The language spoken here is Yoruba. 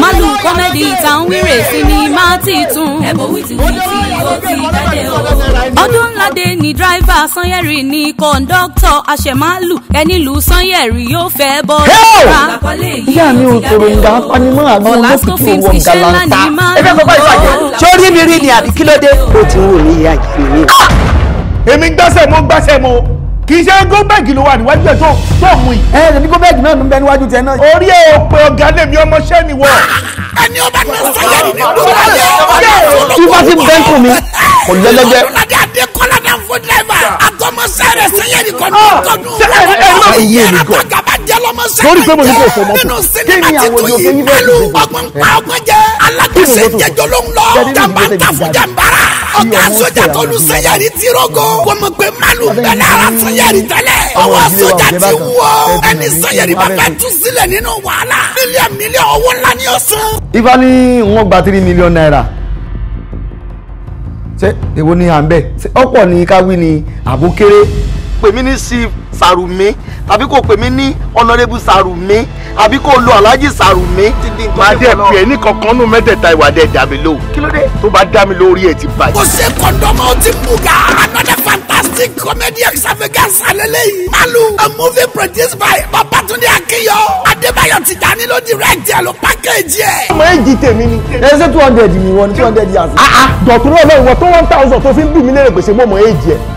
Málù kọ́mẹ́dì ìtàn wíìrè sinimá titun. Ẹ̀bùn wìtìwìtì ó ti jáde o. Ọdún ńláde ni dráìvà Sanyẹ̀rì ni kọ̀ńdọ́tọ̀ àṣẹ̀málù ẹnìlú Sanyẹ̀rì yóò fẹ́ bọ́ síra. Ìyá mi ò tòrò ìgbà apanimọ́ àná lọ́sìkò wọ gàlàǹtà. Ẹgbẹ́ bàbá ìbàjẹ́ sórí mi rí ni àbí kí ló dé? Ó ti ń wò ní ìyá ìfẹ́ ah! Èmi gbọ́sẹ̀ mo gbọ́sẹ̀ mo kì í ṣe gómẹ̀gì ló wà níwájú ẹ̀ tó tó mú i. ẹ ẹ ní gómẹ̀gì náà ló ń bẹ níwájú tiẹ̀ náà. orí ẹ ò ọ̀gá lèmi aláṣẹ ni wọ. ẹni ọba ní sọlá ní dúró lẹ. tí bá bẹ́ẹ̀ fún mi kò lẹ́lẹ́gbẹ́. ọlọ́dẹ adé kọ́lá náà fún dẹ́fà àtọmọsẹ rẹ sẹyẹ ní kọ́ ah, tọdún. ayé mi gọ lórí pé mo ní kò fọmọ tó kí ni àwọn ènìyàn fẹ́ yí bẹ́ẹ̀ lù ọgbọ̀n pa ọgbọ̀n jẹ alágbèsè jẹjọ ló ń lọ jàmbá ta ọ̀gá sójà tó lu sẹ́yàrì ti rọ́gọ́ kọ́mọ pé malu bẹ́lẹ̀ ara sẹ́yàrì tẹ́lẹ̀ ọwọ́ sójà ti wọ́ ẹni sẹ́yàrì bàbá tú sílẹ̀ nínú wàhálà mílíọ̀n mílíọ̀n owó ńlá ni ó san. ifá ní wọn gba three million naira ṣé èwo ni à ń bẹ̀ ṣé ọ̀pọ̀ ni káwí ni àbókéré. pèmí ní sí Sàrùmí tàbí kò pèmí ní ọ̀nàrẹ́bù Sàrùmí àbí kó o lo aláàjì sàrùmí. màá dẹ pè é ní kankan nù mẹ́tẹ̀ẹ̀ta ìwà dẹ̀ dà mí lóhùn. kí ló dé. tó bá dá mi lórí ẹ̀ ti bàjẹ́. kò ṣe kọ́ńdọ́mọ́ ó ti bùgà another fantastic comedy extravagance alẹ́lẹ́yìn. malu a movie produced by babatunde akinyo adébáyọ̀ tìjàní ló direct ẹ̀ ló package ẹ̀. ọmọ èjì tèmi ni ẹsẹ̀ two hundred ni wọ́n two hundred yàtọ̀. Ah, ah. dọ̀tún náà lọ́wọ́ tó one thousand tó fi ń dùn mí lérè mọ́ ọmọ èjì ẹ̀.